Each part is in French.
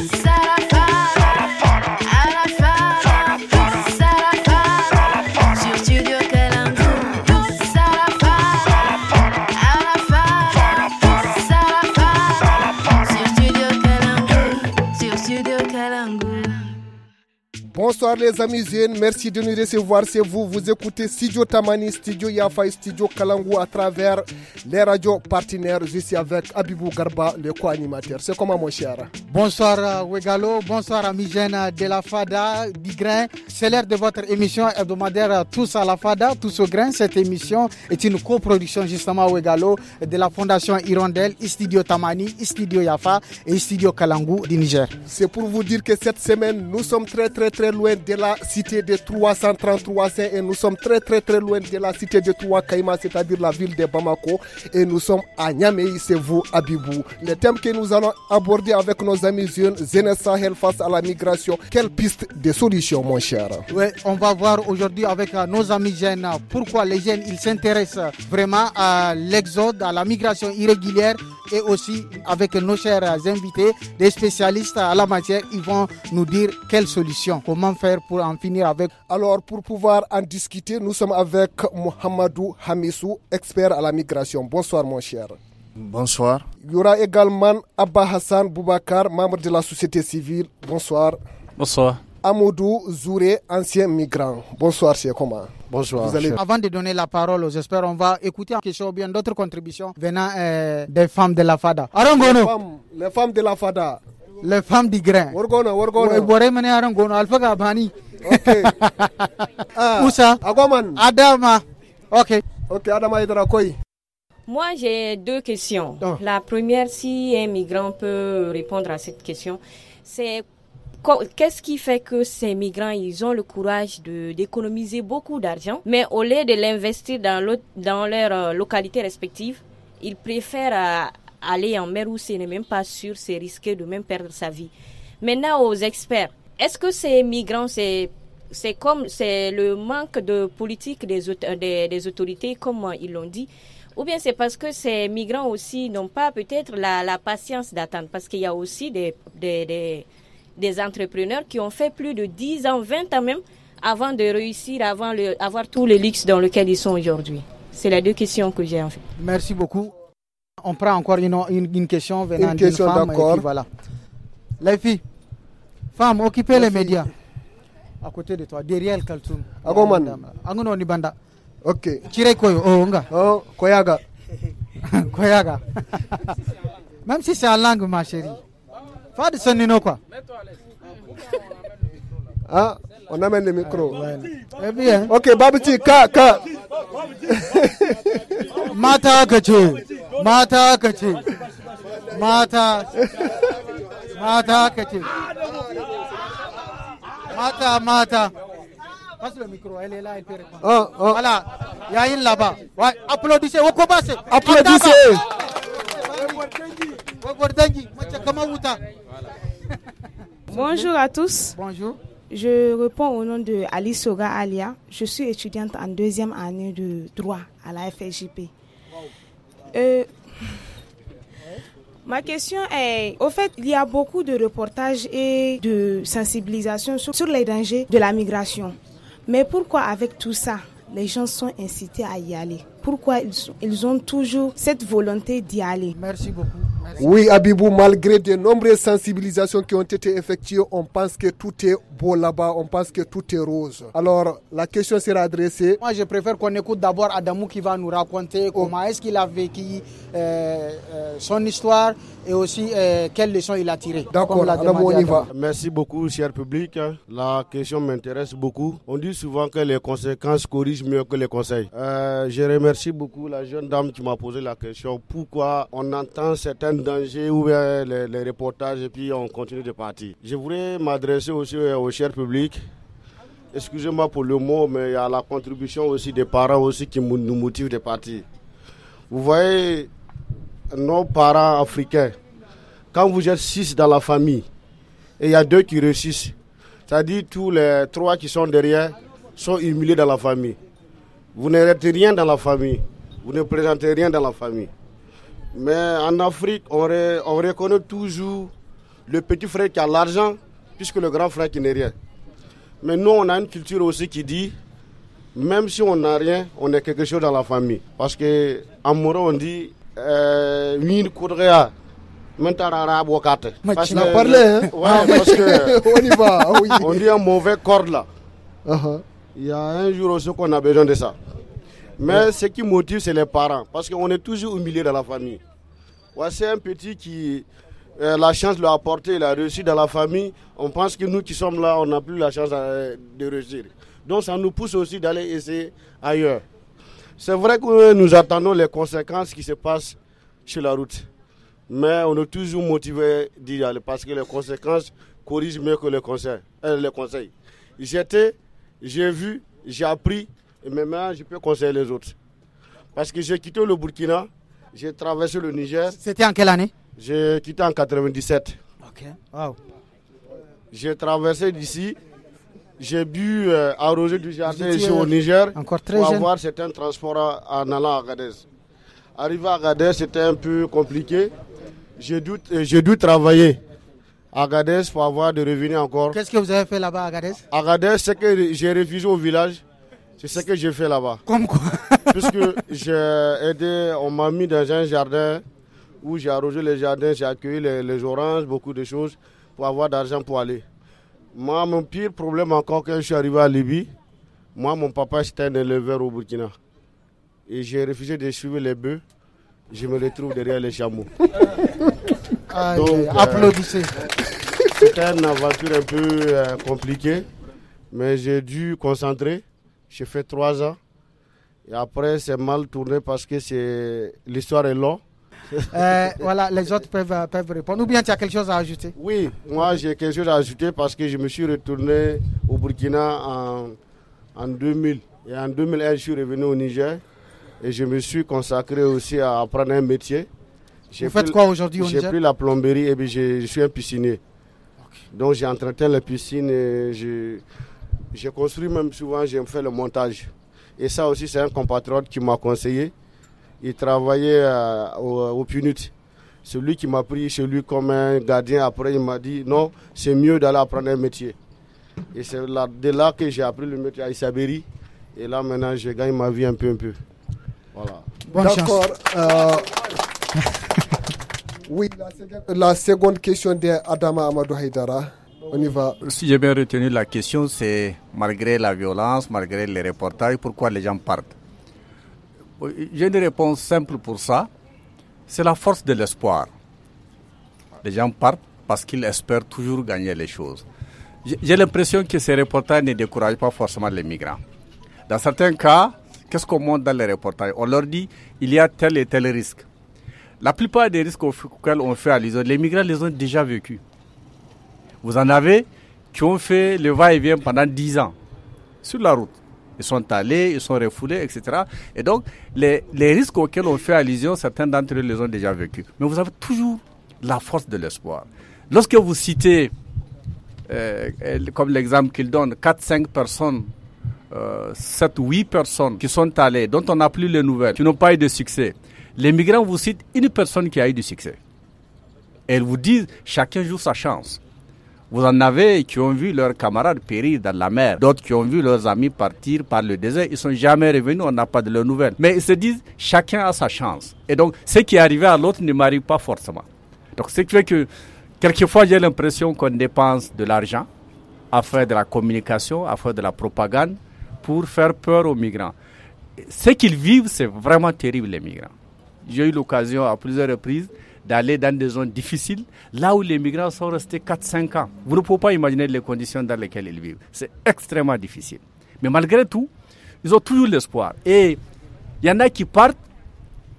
outside. les amis jeunes, merci de nous recevoir. C'est vous, vous écoutez Studio Tamani, Studio Yafa Studio Kalangu à travers les radios partenaires. ici avec Abibou Garba, le co-animateur. C'est comment mon cher Bonsoir euh, Wegalo, bonsoir amis jeunes de la FADA, du grain C'est l'heure de votre émission hebdomadaire euh, Tous à la FADA, Tous au grain. Cette émission est une coproduction justement Wegalo de la Fondation Hirondelle, Studio Tamani, Studio Yafa et Studio Kalangu du Niger. C'est pour vous dire que cette semaine, nous sommes très très très loin de la cité de 333 et nous sommes très très très loin de la cité de Trois c'est-à-dire la ville de Bamako. Et nous sommes à Niamey, c'est vous, Abibou. Le thème que nous allons aborder avec nos amis jeunes, Jeunesse Sahel face à la migration. Quelle piste de solution, mon cher on va voir aujourd'hui avec euh, nos amis jeunes pourquoi les jeunes ils s'intéressent vraiment à l'exode, à la migration irrégulière et aussi avec nos chers invités, des spécialistes à la matière, ils vont nous dire quelles solutions, comment faire pour en finir avec Alors, pour pouvoir en discuter, nous sommes avec Mohamedou Hamissou, expert à la migration. Bonsoir, mon cher. Bonsoir. Il y aura également Abba Hassan Boubakar, membre de la société civile. Bonsoir. Bonsoir. Amadou Zouré, ancien migrant. Bonsoir, c'est comment Bonsoir. Avant de donner la parole j'espère on va écouter un question ou bien d'autres contributions venant euh, des femmes de la FADA. les femmes de la FADA, les femmes du grain adama moi, j'ai deux questions. Ah. La première, si un migrant peut répondre à cette question, c'est qu'est-ce qui fait que ces migrants, ils ont le courage d'économiser beaucoup d'argent, mais au lieu de l'investir dans, dans leur euh, localité respective, ils préfèrent aller en mer où ce n'est même pas sûr, c'est risqué de même perdre sa vie. Maintenant, aux experts, est-ce que ces migrants, c'est c'est comme c'est le manque de politique des, euh, des, autorités, comme ils l'ont dit, ou bien c'est parce que ces migrants aussi n'ont pas peut-être la, patience d'attendre, parce qu'il y a aussi des, des, entrepreneurs qui ont fait plus de 10 ans, 20 ans même, avant de réussir, avant le, avoir tout le luxe dans lequel ils sont aujourd'hui. C'est la deux questions que j'ai en fait. Merci beaucoup. On prend encore une, une, une question venant d'une femme. Et voilà. Les filles, femmes, occupez les, médias. À côté de toi, derrière le Kaltoum. Agoman. Angono Nibanda. Ok. Tirez quoi, Oh, onga, Oh, Koyaga. koyaga. Même si c'est en langue, ma chérie. son Nino, quoi. Mets-toi à l'aise. Ah. On amène le micro. Eh bien. Ok, Babiti, ka, ka. Mata kace, mata kace, mata, mata kace. Mata, mata. Passe le micro, elle est là, Oh, oh. Voilà, il y a une là-bas. Ouais, applaudissez, passer. Applaudissez. Bonjour à tous. Bonjour. Je réponds au nom de Ali Soga Alia. Je suis étudiante en deuxième année de droit à la FSJP. Euh, ma question est, au fait, il y a beaucoup de reportages et de sensibilisation sur les dangers de la migration. Mais pourquoi avec tout ça, les gens sont incités à y aller pourquoi ils, ont toujours cette volonté d'y aller. Merci beaucoup. Oui, Abibou, malgré de nombreuses sensibilisations qui ont été effectuées, on pense que tout est beau là-bas, on pense que tout est rose. Alors, la question sera adressée. Moi, je préfère qu'on écoute d'abord Adamou qui va nous raconter oh. comment est-ce qu'il a vécu euh, euh, son histoire et aussi euh, quelles leçons il a tirées. D'accord, Adamou, on y va. Merci beaucoup, cher public. La question m'intéresse beaucoup. On dit souvent que les conséquences corrigent mieux que les conseils. je remercie Merci beaucoup, la jeune dame qui m'a posé la question. Pourquoi on entend certains dangers ou les, reportages et puis on continue de partir Je voudrais m'adresser aussi au cher public. Excusez-moi pour le mot, mais il y a la contribution aussi des parents aussi qui nous motive de partir. Vous voyez, nos parents africains, quand vous êtes six dans la famille et il y a deux qui réussissent, c'est-à-dire tous les trois qui sont derrière sont humiliés dans la famille. Vous ne rien dans la famille. Vous ne présentez rien dans la famille. Mais en Afrique, on, reconnaît toujours le petit frère qui a l'argent, puisque le grand frère qui n'est rien. Mais nous, on a une culture aussi qui dit, même si on n'a rien, on est quelque chose dans la famille. Parce que en Moro, on dit, on dit un mauvais corps là. Uh-huh. Il y a un jour aussi qu'on a besoin de ça. Mais ce qui motive, c'est les parents. Parce qu'on est toujours humilié dans la famille. Ouais, c'est un petit qui. Euh, la chance lui a apporté, a réussi dans la famille. On pense que nous qui sommes là, on n'a plus la chance euh, de réussir. Donc ça nous pousse aussi d'aller essayer ailleurs. C'est vrai que nous attendons les conséquences qui se passent sur la route. Mais on est toujours motivé d'y aller parce que les conséquences corrigent mieux que les conseils. Euh, les conseils. J'étais, j'ai vu, j'ai appris, et maintenant, je peux conseiller les autres. Parce que j'ai quitté le Burkina, j'ai traversé le Niger. C'était en quelle année J'ai quitté en 97. Ok. Wow. J'ai traversé d'ici. J'ai bu à euh, arroser du jardin ici au Niger encore très pour avoir certains transports en allant à Agadez. Arriver à Agadez, c'était un peu compliqué. J'ai dû, euh, j'ai dû travailler à Agadez pour avoir de revenus encore. Qu'est-ce que vous avez fait là-bas à À Agadez, c'est que j'ai refusé au village c'est ce que j'ai fait là-bas. Comme quoi Puisque j'ai aidé, on m'a mis dans un jardin où j'ai arrosé les jardins, j'ai accueilli les, oranges, beaucoup de choses pour avoir d'argent pour aller. Moi, mon pire problème encore quand je suis arrivé à Libye, moi, mon papa, c'était un éleveur au Burkina. Et j'ai refusé de suivre les bœufs. Je me retrouve derrière les chameaux. Donc, euh, applaudissez. c'était une aventure un peu euh, compliquée, mais j'ai dû concentrer j'ai fait trois ans. Et après, c'est mal tourné parce que c'est l'histoire est longue. Euh, voilà, les autres peuvent, euh, peuvent répondre. Ou bien tu as quelque chose à ajouter Oui, moi j'ai quelque chose à ajouter parce que je me suis retourné au Burkina en, en 2000. Et en 2001, je suis revenu au Niger et je me suis consacré aussi à apprendre un métier. Vous faites quoi aujourd'hui au Niger J'ai pris la plomberie et je, suis un piscinier. Donc j'ai entretenu la piscine et je, j'ai construit même souvent, j'ai fait le montage. Et ça aussi, c'est un compatriote qui m'a conseillé. Il travaillait euh, au, au PUNUT. Celui qui m'a pris celui comme un gardien, après, il m'a dit non, c'est mieux d'aller apprendre un métier. Et c'est là, de là que j'ai appris le métier à Isabéry. Et là, maintenant, je gagne ma vie un peu, un peu. Voilà. Bonne D'accord. Euh, oui, la seconde, la seconde question d'Adama Amadou Haïdara. Si j'ai bien retenu la question, c'est malgré la violence, malgré les reportages, pourquoi les gens partent J'ai une réponse simple pour ça. C'est la force de l'espoir. Les gens partent parce qu'ils espèrent toujours gagner les choses. J'ai l'impression que ces reportages ne découragent pas forcément les migrants. Dans certains cas, qu'est-ce qu'on montre dans les reportages On leur dit il y a tel et tel risque. La plupart des risques auxquels on fait allusion, les migrants les ont déjà vécus. Vous en avez qui ont fait le va-et-vient pendant 10 ans sur la route. Ils sont allés, ils sont refoulés, etc. Et donc, les, risques auxquels on fait allusion, certains d'entre eux les ont déjà vécus. Mais vous avez toujours la force de l'espoir. Lorsque vous citez, euh, euh, comme l'exemple qu'il donne, 4-5 personnes, 7-8 euh, personnes qui sont allées, dont on n'a plus les nouvelles, qui n'ont pas eu de succès, les migrants vous citent une personne qui a eu du succès. Et elles vous disent, chacun joue sa chance. Vous en avez qui ont vu leurs camarades périr dans la mer, d'autres qui ont vu leurs amis partir par le désert, ils sont jamais revenus, on n'a pas de leurs nouvelles. Mais ils se disent, chacun a sa chance. Et donc, ce qui est arrivé à l'autre ne m'arrive pas forcément. Donc, ce qui fait que, quelquefois, j'ai l'impression qu'on dépense de l'argent à faire de la communication, à faire de la propagande pour faire peur aux migrants. Ce qu'ils vivent, c'est vraiment terrible, les migrants. J'ai eu l'occasion à plusieurs reprises d'aller dans des zones difficiles, là où les migrants sont restés 4-5 ans. Vous ne pouvez pas imaginer les conditions dans lesquelles ils vivent. C'est extrêmement difficile. Mais malgré tout, ils ont toujours l'espoir. Et il y en a qui partent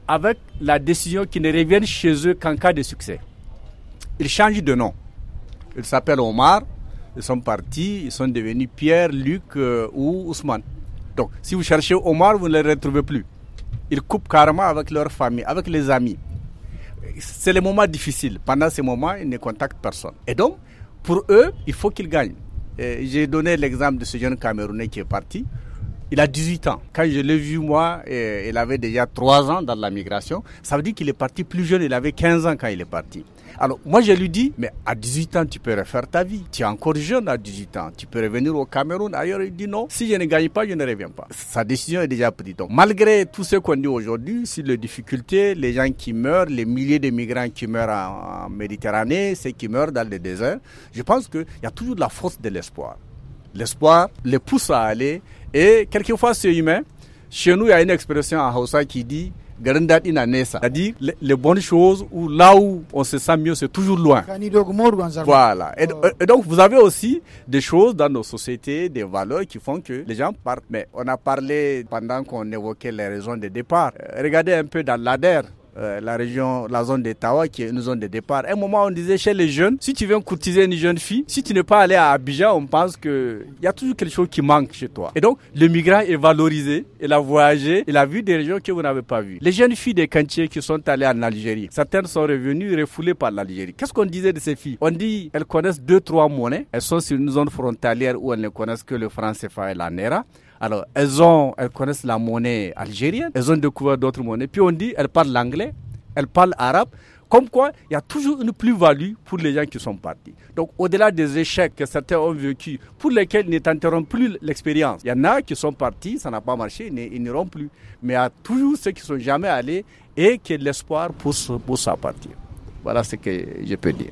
avec la décision qu'ils ne reviennent chez eux qu'en cas de succès. Ils changent de nom. Ils s'appellent Omar, ils sont partis, ils sont devenus Pierre, Luc euh, ou Ousmane. Donc si vous cherchez Omar, vous ne les retrouvez plus. Ils coupent carrément avec leur famille, avec les amis c'est les moments difficiles. Pendant ces moments, ils ne contactent personne. Et donc, pour eux, il faut qu'ils gagnent. J'ai donné l'exemple de ce jeune Camerounais qui est parti. Il a 18 ans. Quand je l'ai vu, moi, il avait déjà 3 ans dans la migration. Ça veut dire qu'il est parti plus jeune. Il avait 15 ans quand il est parti. Alors moi je lui dis, mais à 18 ans tu peux refaire ta vie, tu es encore jeune à 18 ans, tu peux revenir au Cameroun. Ailleurs il dit non, si je ne gagne pas, je ne reviens pas. Sa décision est déjà prise. Donc malgré tout ce qu'on dit aujourd'hui, sur les difficultés, les gens qui meurent, les milliers de migrants qui meurent en, Méditerranée, ceux qui meurent dans le désert, je pense qu'il y a toujours de la force de l'espoir. L'espoir le pousse à aller et quelquefois c'est humain. Chez nous, il y a une expression en Hausa qui dit c'est-à-dire les bonnes choses ou là où on se sent mieux c'est toujours loin voilà oh. et, et, donc vous avez aussi des choses dans nos sociétés des valeurs qui font que les gens partent mais on a parlé pendant qu'on évoquait les raisons de départ euh, regardez un peu dans l'ADER euh, la région, la zone d'Etawa, qui est une zone de départ. À un moment, on disait chez les jeunes, si tu viens courtiser une jeune fille, si tu n'es pas allé à Abidjan, on pense qu'il y a toujours quelque chose qui manque chez toi. Et donc, le migrant est valorisé, il a voyagé, il a vu des régions que vous n'avez pas vues. Les jeunes filles des cantiers qui sont allées en Algérie, certaines sont revenues refoulées par l'Algérie. Qu'est-ce qu'on disait de ces filles On dit elles connaissent deux, trois monnaies, elles sont sur une zone frontalière où elles ne connaissent que le franc CFA et la NERA. Alors, elles, ont, elles connaissent la monnaie algérienne, elles ont découvert d'autres monnaies. Puis on dit, elles parlent l'anglais, elles parlent arabe. Comme quoi, il y a toujours une plus-value pour les gens qui sont partis. Donc, au-delà des échecs que certains ont vécu, pour lesquels ils tenteront plus l'expérience, il y en a qui sont partis, ça n'a pas marché, ils n'iront plus. Mais il y a toujours ceux qui ne sont jamais allés et qui ont l'espoir pour, pour partir. Voilà ce que je peux dire.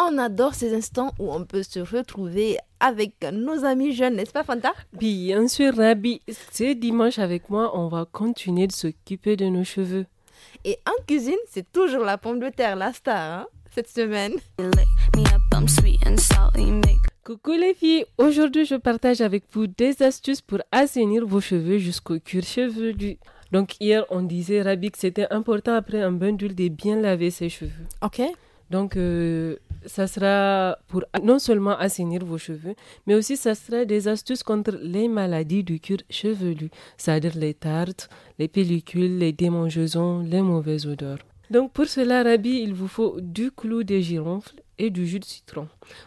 on adore ces instants où on peut se retrouver avec nos amis jeunes, n'est-ce pas Fanta Bien sûr Rabi, c'est dimanche avec moi, on va continuer de s'occuper de nos cheveux. Et en cuisine, c'est toujours la pomme de terre, la star, hein, cette semaine. Coucou les filles, aujourd'hui je partage avec vous des astuces pour assainir vos cheveux jusqu'au cuir chevelu. Donc hier, on disait, Rabi, que c'était important après un bain d'huile de bien laver ses cheveux. OK. Donc, euh, ça sera pour non seulement assainir vos cheveux, mais aussi ça sera des astuces contre les maladies du cuir chevelu, c'est-à-dire les tartes, les pellicules, les démangeaisons, les mauvaises odeurs. Donc pour cela, Rabi, il vous faut du clou de girofle et du jus de citron.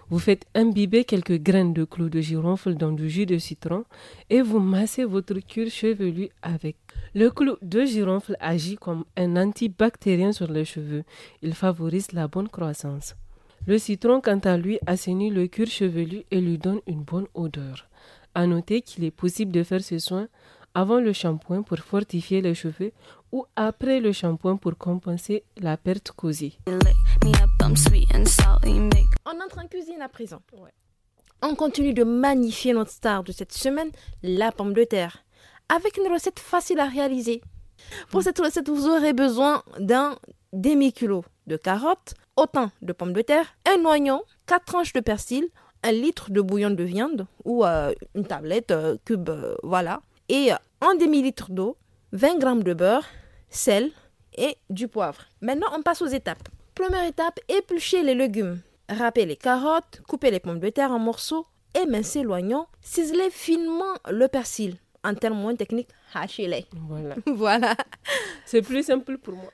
Vous faites imbiber quelques graines de clou de girofle dans du jus de citron et vous massez votre cuir chevelu avec. Le clou de girofle agit comme un antibactérien sur les cheveux. Il favorise la bonne croissance. Le citron, quant à lui, assainit le cuir chevelu et lui donne une bonne odeur. À noter qu'il est possible de faire ce soin avant le shampoing pour fortifier les cheveux ou après le shampoing pour compenser la perte causée. On entre en cuisine à présent. On continue de magnifier notre star de cette semaine, la pomme de terre, avec une recette facile à réaliser. Pour cette recette, vous aurez besoin d'un demi-kilo de carottes, autant de pommes de terre, un oignon, quatre tranches de persil, un litre de bouillon de viande ou euh, une tablette euh, cube, euh, voilà, et en euh, demi-litre d'eau, 20 g de beurre, sel et du poivre. Maintenant, on passe aux étapes. Première étape, éplucher les légumes. Râper les carottes, couper les pommes de terre en morceaux, émincer l'oignon, ciseler finement le persil. En termes moins techniques, voilà. voilà. C'est plus simple pour moi.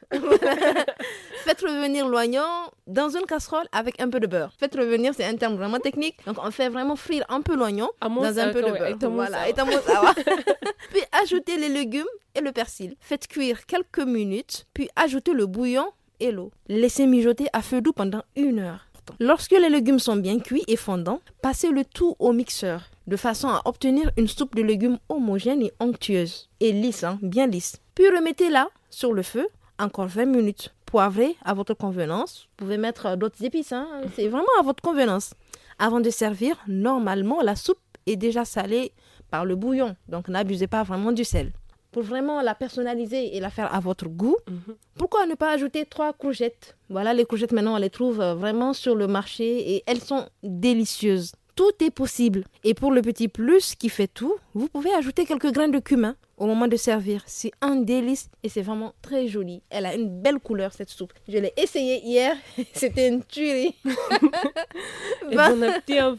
Faites revenir l'oignon dans une casserole avec un peu de beurre. Faites revenir, c'est un terme vraiment technique. Donc, on fait vraiment frire un peu l'oignon dans un peu de beurre. Voilà. puis, ajoutez les légumes et le persil. Faites cuire quelques minutes, puis ajoutez le bouillon et l'eau. Laissez mijoter à feu doux pendant une heure. Lorsque les légumes sont bien cuits et fondants, passez le tout au mixeur de façon à obtenir une soupe de légumes homogène et onctueuse. Et lisse, hein, bien lisse. Puis remettez-la sur le feu, encore 20 minutes. Poivrez à votre convenance. Vous pouvez mettre euh, d'autres épices, hein. c'est vraiment à votre convenance. Avant de servir, normalement, la soupe est déjà salée par le bouillon. Donc n'abusez pas vraiment du sel. Pour vraiment la personnaliser et la faire à votre goût, mhm. pourquoi ne pas ajouter trois courgettes Voilà, les courgettes maintenant, on les trouve euh, vraiment sur le marché et elles sont délicieuses. Tout est possible. Et pour le petit plus qui fait tout, vous pouvez ajouter quelques grains de cumin au moment de servir. C'est un délice et c'est vraiment très joli. Elle a une belle couleur cette soupe. Je l'ai essayée hier, c'était une tuerie. bon... appétit à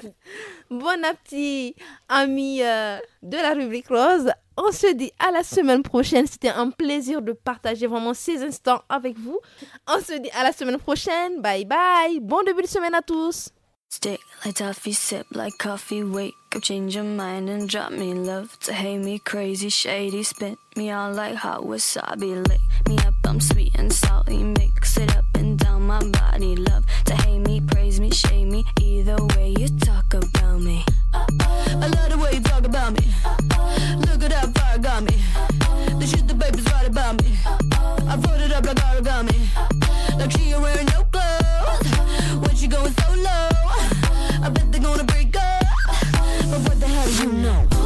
Bon appétit, amis euh, de la rubrique rose. On se dit à la semaine prochaine. C'était un plaisir de partager vraiment ces instants avec vous. On se dit à la semaine prochaine. Bye bye. Bon début de semaine à tous. Stick like toffee, sip like coffee, wake up, change your mind and drop me love to hate me crazy, shady, spin me on like hot wasabi, lick me up, I'm sweet and salty, mix it up and down my body, love to hate me, praise me, shame me, either way you talk about me. I love the way you talk about me. Look at that fire got me. Uh-oh. The shit the baby's right about me. I wrote it up like origami, like she ain't wearing no clothes that you're going solo. I bet they're gonna break up. But what the hell do you know?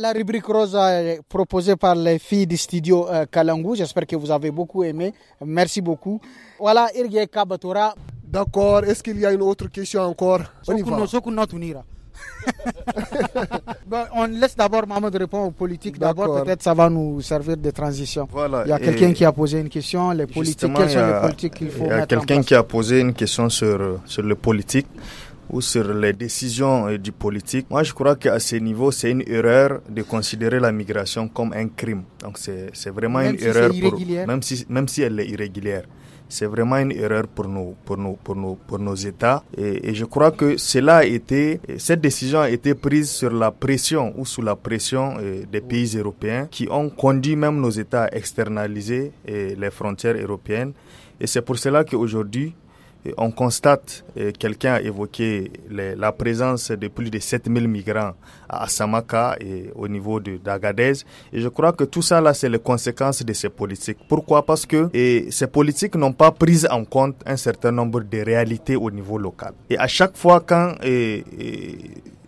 la, rubrique rose euh, proposée par les filles du studio euh, Kalangu. J'espère que vous avez beaucoup aimé. Merci beaucoup. Voilà, Irgye Kabatora. D'accord. Est-ce qu'il y a une autre question encore On y va. Ben, on laisse d'abord Mahmoud répondre aux politiques. D'abord, peut-être ça va nous servir de transition. Voilà, il y a quelqu'un qui a posé une question. Les politiques, quelles sont les politiques Il y a quelqu'un qui a posé une question sur, sur les politiques ou sur les décisions euh, du politique. Moi, je crois qu'à ce niveau, c'est une erreur de considérer la migration comme un crime. Donc, c'est vraiment une erreur pour même si même si elle est irrégulière. C'est vraiment une erreur pour nous, pour nous, pour nous, pour nos États. Et, je crois que cela été, euh, cette décision a été prise sur la pression ou sous la pression euh, des pays européens qui ont conduit même nos États à externaliser les frontières européennes. Et c'est pour cela qu'aujourd'hui, on constate, euh, quelqu'un a évoqué la présence de plus de 7000 migrants à Samaka et au niveau de d'Agadez. Et je crois que tout ça, là, c'est les conséquences de ces politiques. Pourquoi Parce que ces politiques n'ont pas pris en compte un certain nombre de réalités au niveau local. Et à chaque fois, quand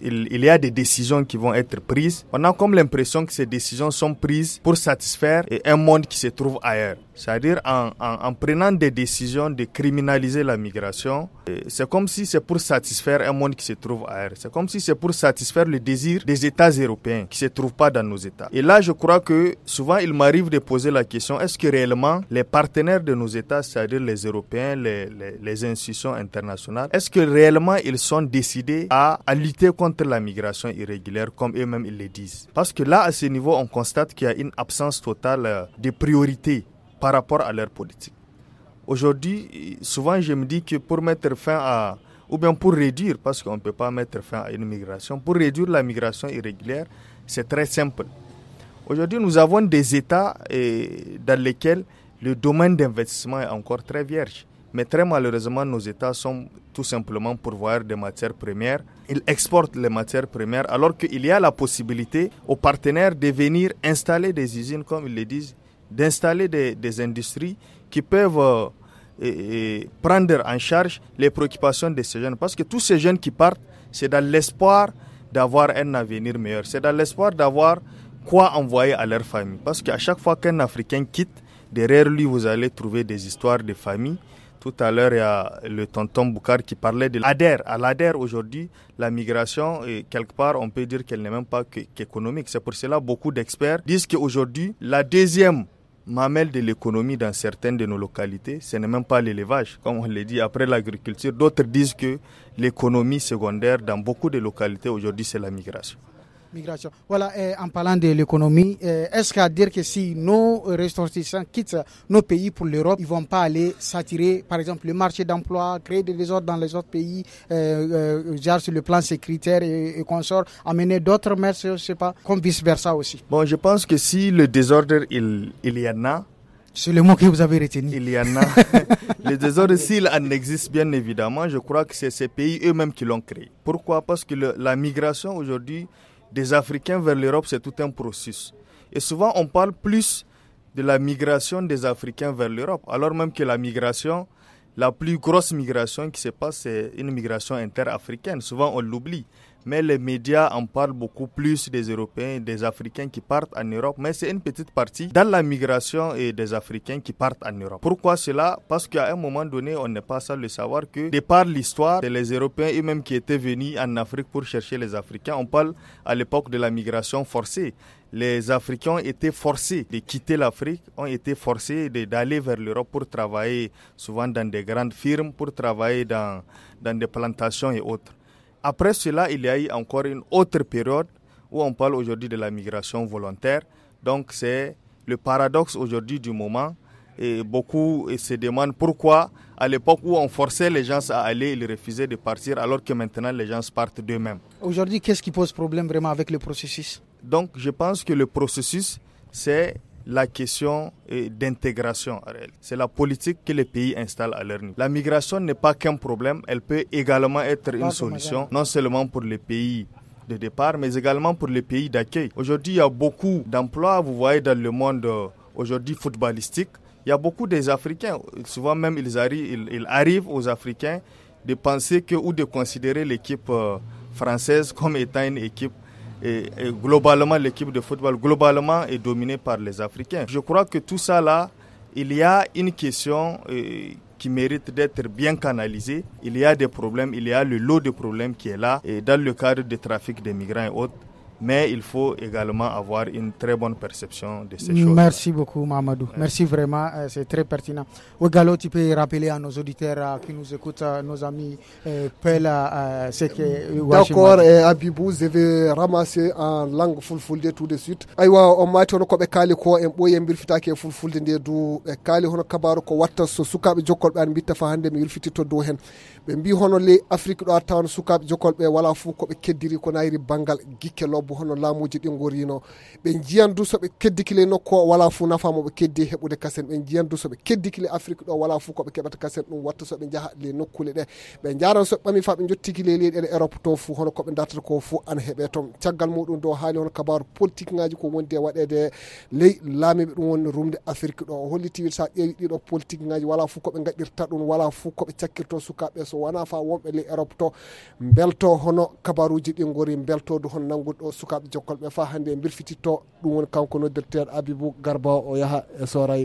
il, y a des décisions qui vont être prises. On a comme l'impression que ces décisions sont prises pour satisfaire un monde qui se trouve ailleurs. C'est-à-dire en, prenant des décisions de criminaliser la migration, euh, c'est comme si c'est pour satisfaire un monde qui se trouve ailleurs. C'est comme si c'est pour satisfaire le désir des États européens qui ne se trouvent pas dans nos États. Et là, je crois que souvent, il m'arrive de poser la question, est-ce que réellement les partenaires de nos États, c'est-à-dire les Européens, les, institutions internationales, est-ce que réellement ils sont décidés à lutter contre contre la migration irrégulière, comme eux-mêmes ils le disent. Parce que là, à ce niveau, on constate qu'il y a une absence totale euh, de priorité par rapport à leur politique. Aujourd'hui, souvent, je me dis que pour mettre fin à, ou bien pour réduire, parce qu'on ne peut pas mettre fin à une migration, pour réduire la migration irrégulière, c'est très simple. Aujourd'hui, nous avons des États euh, dans lesquels le domaine d'investissement est encore très vierge. Mais très malheureusement, nos États sont tout simplement pour voir des matières premières. Ils exportent les matières premières alors qu'il y a la possibilité aux partenaires de venir installer des usines, comme ils le disent, d'installer des, industries qui peuvent euh, prendre en charge les préoccupations de ces jeunes. Parce que tous ces jeunes qui partent, c'est dans l'espoir d'avoir un avenir meilleur. C'est dans l'espoir d'avoir quoi envoyer à leur famille. Parce qu'à chaque fois qu'un Africain quitte, derrière lui, vous allez trouver des histoires de famille tout à l'heure, il y a le tonton Boukar qui parlait de l'ADER. À l'ADER, aujourd'hui, la migration, euh, quelque part, on peut dire qu'elle n'est même pas qu'économique. C'est pour cela que beaucoup d'experts disent qu'aujourd'hui, la deuxième mamelle de l'économie dans certaines de nos localités, ce n'est même pas l'élevage, comme on l'a dit après l'agriculture. D'autres disent que l'économie secondaire dans beaucoup de localités aujourd'hui, c'est la migration. Migration. Voilà, en parlant de l'économie, euh, est-ce qu'à dire que si nos ressortissants quittent nos pays pour l'Europe, ils ne vont pas aller s'attirer, par exemple, le marché d'emploi, créer des désordres dans les autres pays, euh, euh sur le plan sécuritaire et, et consorts, amener d'autres mers, je ne sais pas, comme vice-versa aussi Bon, je pense que si le désordre, il, y en a, c'est le mot que vous avez retenu. Il y en a. le désordre, s'il en existe, bien évidemment, je crois que c'est ces pays eux-mêmes qui l'ont créé. Pourquoi Parce que la migration aujourd'hui, des Africains vers l'Europe, c'est tout un processus. Et souvent, on parle plus de la migration des Africains vers l'Europe, alors même que la migration, la plus grosse migration qui se passe, c'est une migration interafricaine. Souvent, on l'oublie mais les médias en parlent beaucoup plus des Européens et des Africains qui partent en Europe, mais c'est une petite partie dans la migration et des Africains qui partent en Europe. Pourquoi cela Parce qu'à un moment donné, on n'est pas sans le savoir que, de par l'histoire, les Européens eux-mêmes qui étaient venus en Afrique pour chercher les Africains. On parle à l'époque de la migration forcée les Africains ont été forcés de quitter l'Afrique, ont été forcés d'aller vers l'Europe pour travailler souvent dans des grandes firmes, pour travailler dans, dans des plantations et autres. Après cela, il y a eu encore une autre période où on parle aujourd'hui de la migration volontaire. Donc c'est le paradoxe aujourd'hui du moment. Et beaucoup se demandent pourquoi, à l'époque où on forçait les gens à aller, ils refusaient de partir, alors que maintenant les gens partent d'eux-mêmes. Aujourd'hui, qu'est-ce qui pose problème vraiment avec le processus Donc, je pense que le processus, c'est la question d'intégration C'est la politique que les pays installent à leur niveau. La migration n'est pas qu'un problème, elle peut également être une solution, non seulement pour les pays de départ, mais également pour les pays d'accueil. Aujourd'hui, il y a beaucoup d'emplois, vous voyez, dans le monde euh, aujourd'hui footballistique. Il y a beaucoup des Africains, souvent même ils arrivent, ils aux Africains de penser que ou de considérer l'équipe euh, française comme étant une équipe et, globalement l'équipe de football globalement est dominée par les Africains. Je crois que tout ça là, il y a une question euh, qui mérite d'être bien canalisée. Il y a des problèmes, il y a le lot de problèmes qui est là et dans le cadre du trafic des migrants et autres mais il faut également avoir une très bonne perception de ces choses. Merci beaucoup, Mamadou. Ouais. Merci vraiment, euh, c'est très pertinent. Ogalo, tu peux rappeler à nos auditeurs euh, qui nous écoutent, euh, nos amis, Pella, ce que. D'accord, Abibou, je vais ramasser en langue fulfulde tout de suite. Aywa, on m'a dit qu'on a kali ko en boye mbirfita ke fulfulde nde du kali hono kabaru ko watta so sukabe jokkol be an bitta fa hande mi yulfiti do hen ɓe mbi hono ley afrique ɗo a tawan sukaɓe jokolɓe wala fof koɓe keddiri ko nayiri banggal guikke lobbo hono laamuji ɗi gorino ɓe jiyan du soɓe keddiki ley nokku o wala fof nafamoɓe keddi e heɓude kasen ɓe jiyan du soɓe keddiki ley afrique ɗo wala fof koɓe keɓata kasen ɗum watta soɓe jaaha le nokkule ɗe ɓe jaran soɓe ɓami fa ɓe jottiki le ley leyɗele europe to fo hono koɓe dartata ko fo ana heeɓe toon caggal muɗum do haali hono kabaru politique ngaji ko wondi e waɗede ley laamiɓe ɗum woni rumde afrique ɗo o holliti wiide sa ƴeewi ɗiɗo politique ngaji wala fof koɓe gaɗirta ɗum wala fof koɓe cakkirto sukaɓe e so wona fa wonɓe ley europe to belto hono kabaruji ɗi gori beltodu hon ɗo sukaɓe jokkolɓe fa hande birfititto ɗum woni kanko noddirteɗo abibou garba o yaaha e soray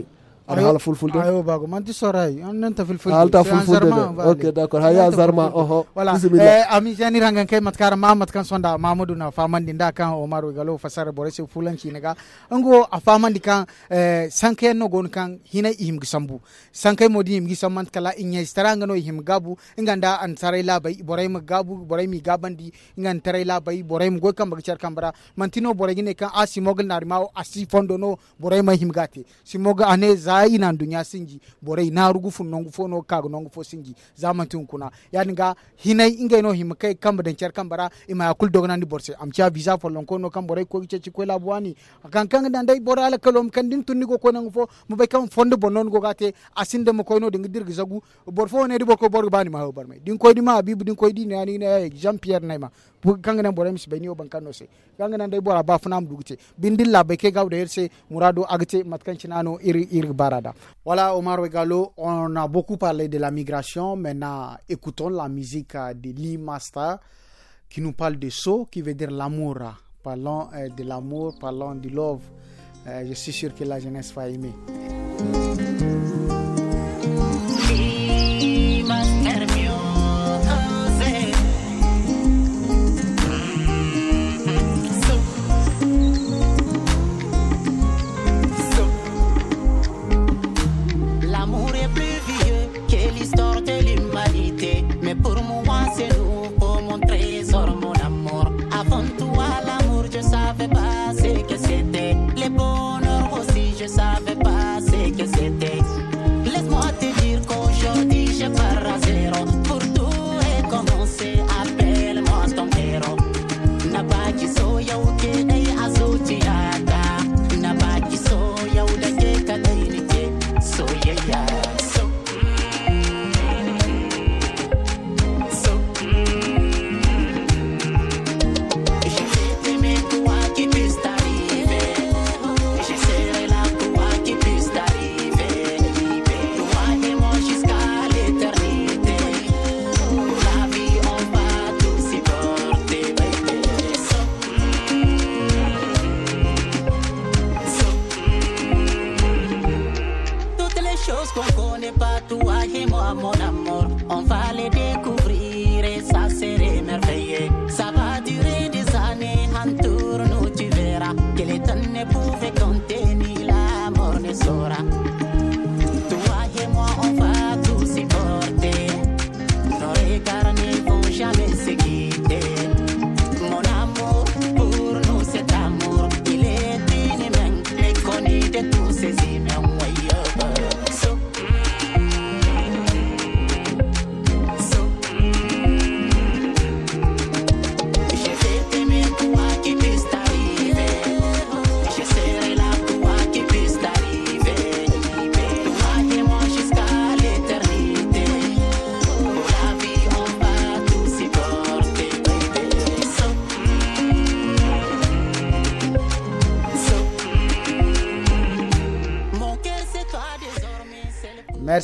على فلفل ده ايوه باكو ما انت سوراي انت فلفل هل فلفل ده اوكي داكور هيا زرما اوه بسم الله امي جاني رانغان كاي متكار ما متكان سوندا مامودو نا فاماندي دا كان عمر غالو فسار بوريس فولان شينغا انغو افاماندي كان سانكاي نو غون كان هنا يم غسامبو سانكاي مودي يم غسامبو كلا انيا سترانغ نو يم غابو انغاندا ان ساري لا باي بوراي م غابو بوراي مي غاباندي انغان تاري لا باي بوراي م غو كان بغشار كامبرا مانتينو بوراي ني كان اسي موغل نارماو اسي فوندو نو بوراي ما يم غاتي سي موغ اني ka ina dunya sinji borei na rugu fun nongu fo no kago nongu fo sinji zaman tun kuna yani ga hinai inga no him kai kamba den cer kambara ima yakul dogna ni borse am cha visa fo lon ko no kam borei ko ko kan kan dan dai bora ala kalom kan din tunni ko fo mu kam fondo go gate mo bor fo ne di bor bani ma ho ma bibu din ne ne jean pierre naima kanga nan o bankan no se kanga nan dai bora ba funam dugute bindilla murado agte matkan cinano iri iri Voilà, Omar Wegalo, on a beaucoup parlé de la migration. Maintenant, écoutons la musique de Lee Master qui nous parle de So, qui veut dire l'amour. Parlons euh, de l'amour, parlons du love. Euh, je suis sûr que la jeunesse va aimer.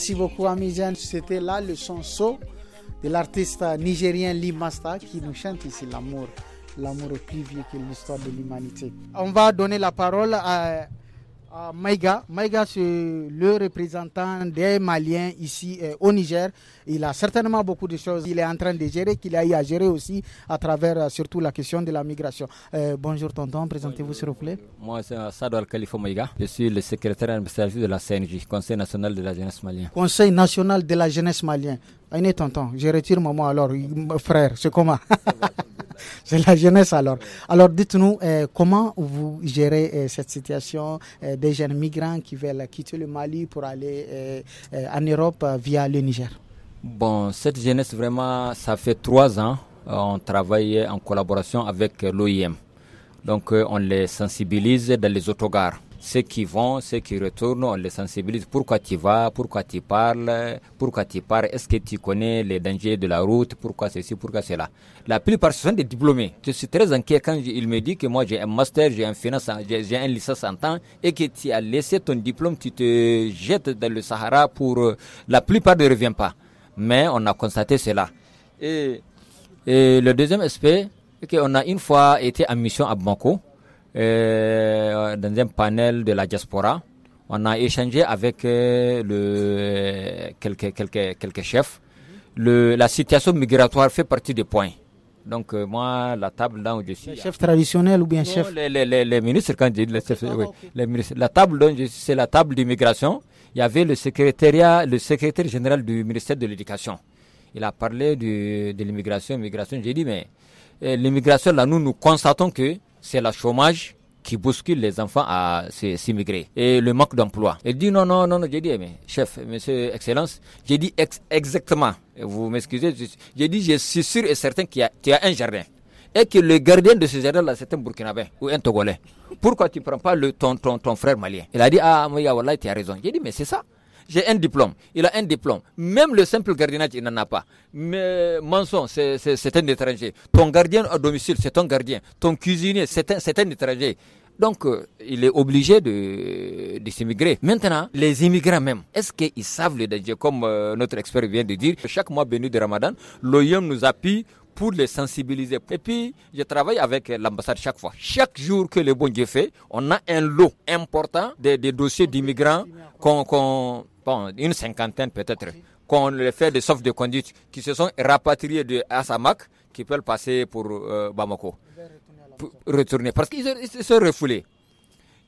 Merci beaucoup, Amizan. C'était là le son de l'artiste nigérien Limasta qui nous chante ici l'amour. L'amour est plus vieux que l'histoire de l'humanité. On va donner la parole à euh, Maïga. c'est le représentant des Maliens ici euh, au Niger. Il a certainement beaucoup de choses qu'il est en train de gérer, qu'il a eu à gérer aussi à travers euh, surtout la question de la migration. bonjour tonton, présentez-vous s'il vous plaît. Moi, c'est Khalifa Maïga. Je suis le secrétaire administratif de la CNJ, Conseil national de la jeunesse malienne. Conseil national de la jeunesse malienne. est tonton, je retire maman alors, frère, c'est comment c'est la jeunesse alors. Alors dites-nous euh, comment vous gérez euh, cette situation euh, des jeunes migrants qui veulent quitter le Mali pour aller en Europe via le Niger. Bon, cette jeunesse vraiment, ça fait trois ans, on travaille en collaboration avec l'OIM. Donc on les sensibilise dans les autogares ceux qui vont, ceux qui retournent, on les sensibilise. Pourquoi tu vas Pourquoi tu parles Pourquoi tu parles Est-ce que tu connais les dangers de la route Pourquoi ceci Pourquoi cela La plupart, sont des diplômés. Je suis très inquiet quand il me dit que moi, j'ai un master, j'ai un finance, j'ai un licence en temps et que tu as laissé ton diplôme, tu te jettes dans le Sahara pour... Euh, la plupart ne revient pas. Mais on a constaté cela. Et, le deuxième aspect, c'est qu'on a une fois été en mission à Banco. Euh, dans un panel de la diaspora. On a échangé avec euh, le, quelques, quelques, quelques chefs. Le, la situation migratoire fait partie des points. Donc, euh, moi, la table là où je suis. ou bien chef les, ministres, quand je dis ah, oui, La table dont je suis, c'est la table d'immigration. Il y avait le secrétariat, le secrétaire général du ministère de l'Éducation. Il a parlé du, de l'immigration, migration. J'ai dit, mais l'immigration, là, nous, nous constatons que c'est le chômage qui bouscule les enfants à s'immigrer et le manque d'emploi. Il dit non, non, non, non, j'ai dit, eh, mais chef, monsieur, excellence, j'ai dit exactement, vous m'excusez, j'ai dit, je suis sûr et certain qu'il y, a, un jardin et que le gardien de ce jardin-là, c'est un Burkinabé ou un Togolais. Pourquoi tu ne prends pas le, ton, ton, frère malien Il a dit, ah, mais tu as raison. J'ai dit, mais c'est ça j'ai un diplôme, il a un diplôme. Même le simple gardiennage, il n'en a pas. Mais Manson, c'est un étranger. Ton gardien à domicile, c'est ton gardien. Ton cuisinier, c'est un, un étranger. Donc, euh, il est obligé de, s'immigrer. Maintenant, les immigrants même, est-ce qu'ils savent le danger Comme euh, notre expert vient de dire, chaque mois béni de Ramadan, l'OIM nous appuie pour les sensibiliser. Et puis, je travaille avec l'ambassade chaque fois. Chaque jour que le bon Dieu fait, on a un lot important des, dossiers d'immigrants qu'on, bon, une cinquantaine peut-être, qu'on les fait des sauf de conduite, qui se sont rapatriés de Assamak, qui peuvent passer pour euh, Bamako. retourner, parce qu'ils se refoulés.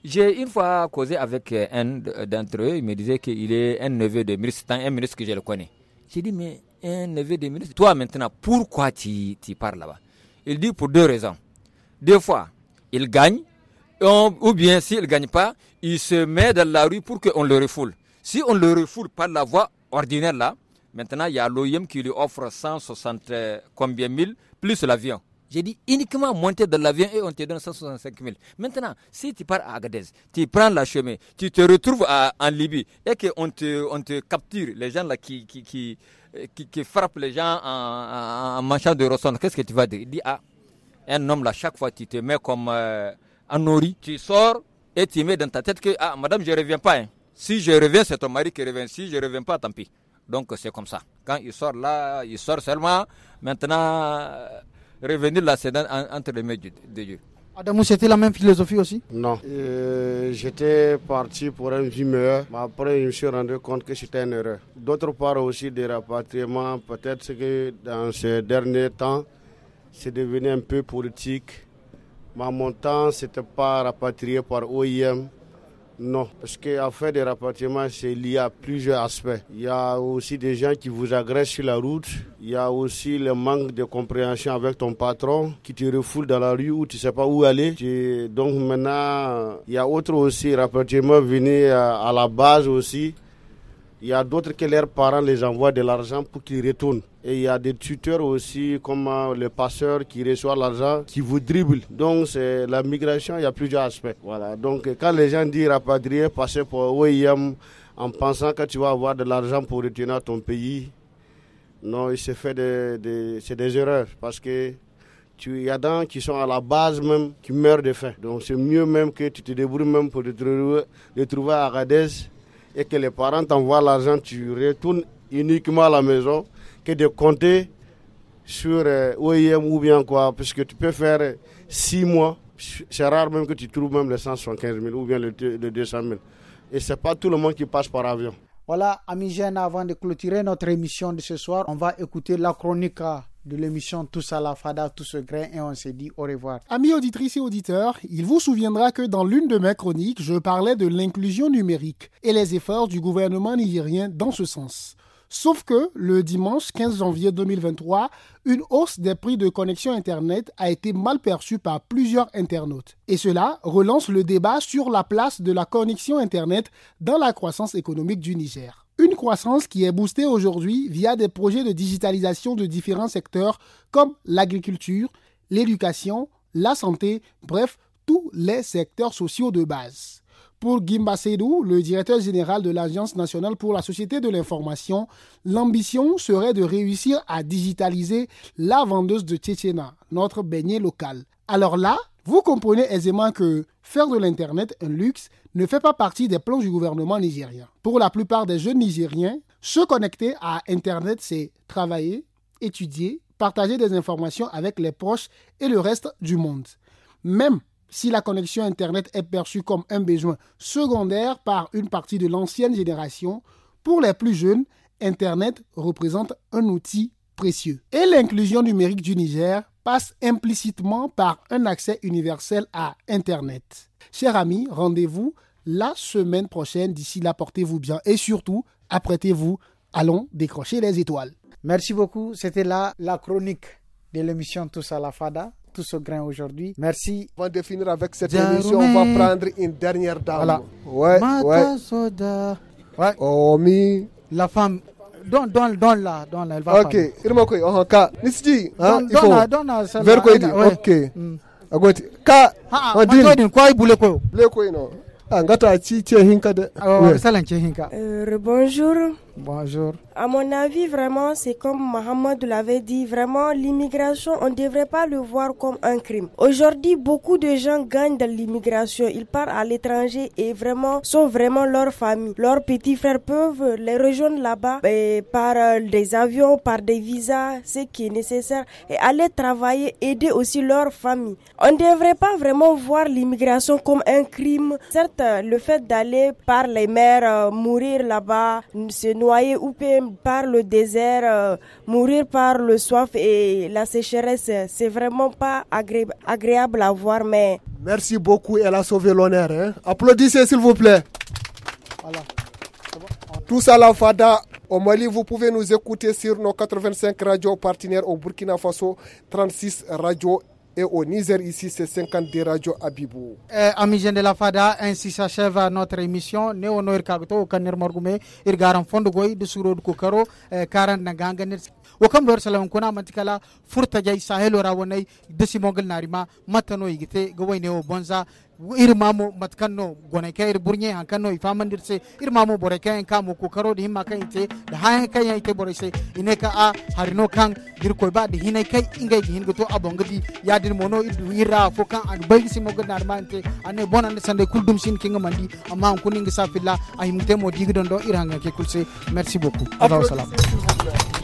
J'ai une fois causé avec euh, un d'entre eux, il me disait qu'il est un neveu de ministre, un ministre que je le connais. J'ai dit, mais un neveu de ministre. Toi maintenant, pourquoi tu, tu pars là-bas Il dit pour deux raisons. Deux fois, il gagne, ou bien s'il ne gagne pas, il se met dans la rue pour qu'on le refoule. Si on le refoule par la voie ordinaire là, maintenant il y a l'OIM qui lui offre 160 euh, combien mille plus l'avion. J'ai dit uniquement monter dans l'avion et on te donne 165 000. Maintenant, si tu pars à Agadez, tu prends la chemin, tu te retrouves en Libye et qu'on te, on te capture, les gens là qui, euh, qui, frappe les gens en, en, manchant de rosson, qu'est-ce que tu vas dire Il dit Ah, un homme là, chaque fois tu te mets comme un euh, nourri, tu sors et tu mets dans ta tête que Ah, madame, je ne reviens pas. Hein. Si je reviens, c'est ton mari qui revient. Si je ne reviens pas, tant pis. Donc c'est comme ça. Quand il sort là, il sort seulement. Maintenant, euh, revenir là, c'est entre les mains de Dieu. Adamou, c'était la même philosophie aussi Non. Euh, j'étais parti pour un vie mais après, je me suis rendu compte que c'était un erreur. D'autre part aussi, des rapatriements, peut-être que dans ces derniers temps, c'est devenu un peu politique. Mais mon temps, ce n'était pas rapatrié par OIM non, parce fait, des rapatriement, c'est lié à plusieurs aspects. Il y a aussi des gens qui vous agressent sur la route. Il y a aussi le manque de compréhension avec ton patron qui te refoule dans la rue où tu ne sais pas où aller. Donc maintenant, il y a autre aussi, rapatriement venu euh, à la base aussi. Il y a d'autres que leurs parents les envoient de l'argent pour qu'ils retournent. Et il y a des tuteurs aussi, comme euh, le passeur qui reçoit l'argent, qui vous dribble. Donc, c'est la migration, il y a plusieurs aspects. Voilà. Donc, quand les gens disent rapatrier, passer pour OIM en pensant que tu vas avoir de l'argent pour retourner à ton pays, non, c'est fait des, c'est des erreurs parce que il y a des qui sont à la base même, qui meurent de faim. Donc c'est mieux même que tu te débrouilles même pour te trouver, trouver à Agadez et que les parents t'envoient l'argent, tu retournes uniquement à la maison que de compter sur euh, OEM OIM ou bien quoi, parce que tu peux faire euh, six mois. C'est rare même que tu trouves même les 175 000 ou bien les 200 000. Et ce n'est pas tout le monde qui passe par avion. Voilà, amis jeunes, avant de clôturer notre émission de ce soir, on va écouter la chronique euh, de l'émission Tous à la Fada, tout ce grain et on s'est dit au revoir. Amis auditrices et auditeurs, il vous souviendra que dans l'une de mes chroniques, je parlais de l'inclusion numérique et les efforts du gouvernement nigérien dans ce sens. Sauf que le dimanche 15 janvier 2023, une hausse des prix de connexion Internet a été mal perçue par plusieurs internautes. Et cela relance le débat sur la place de la connexion Internet dans la croissance économique du Niger. Une croissance qui est boostée aujourd'hui via des projets de digitalisation de différents secteurs comme l'agriculture, l'éducation, la santé, bref, tous les secteurs sociaux de base. Pour Gimba le directeur général de l'Agence nationale pour la société de l'information, l'ambition serait de réussir à digitaliser la vendeuse de Tchétchéna, notre beignet local. Alors là, vous comprenez aisément que faire de l'Internet un luxe ne fait pas partie des plans du gouvernement nigérien. Pour la plupart des jeunes Nigériens, se connecter à Internet, c'est travailler, étudier, partager des informations avec les proches et le reste du monde. Même si la connexion Internet est perçue comme un besoin secondaire par une partie de l'ancienne génération, pour les plus jeunes, Internet représente un outil et l'inclusion numérique du Niger passe implicitement par un accès universel à Internet. Chers amis, rendez-vous la semaine prochaine. D'ici là, portez-vous bien et surtout, apprêtez-vous. Allons décrocher les étoiles. Merci beaucoup. C'était là la chronique de l'émission Tous à la Fada Tous au grain aujourd'hui. Merci. On va finir avec cette émission, on va prendre une dernière dame. Voilà. Ouais, ouais. Oh, la femme donne, donne, donne la donne la elle va Ok, irma koy, on ka, na hein, il faut, ver koy di, ok, agwati, ka, on di manto quoi, bule koy, bule koyi nɔ koy no, angata ah, chi che hinka de, oh, salan che ka. Bonjour. Bonjour. À mon avis, vraiment, c'est comme Mohamed l'avait dit, vraiment, l'immigration, on ne devrait pas le voir comme un crime. Aujourd'hui, beaucoup de gens gagnent de l'immigration. Ils partent à l'étranger et vraiment sont vraiment leur famille. Leurs petits frères peuvent les rejoindre là-bas par euh, des avions, par des visas, ce qui est nécessaire, et aller travailler, aider aussi leur famille. On ne devrait pas vraiment voir l'immigration comme un crime. Certes, le fait d'aller par les mers, euh, mourir là-bas, c'est nous noyer ou par le désert, euh, mourir par le soif et la sécheresse. C'est vraiment pas agréable à voir, mais. Merci beaucoup, elle a sauvé l'honneur. Hein. Applaudissez, s'il vous plaît. Voilà. Tous à la FADA. Au Mali, vous pouvez nous écouter sur nos 85 radios partenaires au Burkina Faso, 36 radios et au Niger, ici, c'est de radios Abibou. Eh, amis de la FADA, ainsi s'achève notre émission. Néo Noir Kagato, Kanir Morgume, Irgaran Fondogoy, de Sourod Koukaro, Karan eh, Naganganir. Wakam lor salam kuna Matikala, Furta Sahel Rawane, de Simongel Narima, Matano Igite, Gawai Bonza, ir mamo matkanno gona ka ir burnye an kanno ifa mandir se ir mamo bore ka en kamo ko karo di himma kan ite da hayan kan ya ite bore se ine ka a harino kan dir koy ba di hinai kai ingai gi hingo to abonga di ya dir mono idu ira fo kan an bay simo mo gna armante ane bonan de sande kuldum sin kinga mandi amma an kuninga safilla filla ahimte mo digi don do iranga ke kulse merci beaucoup allah salam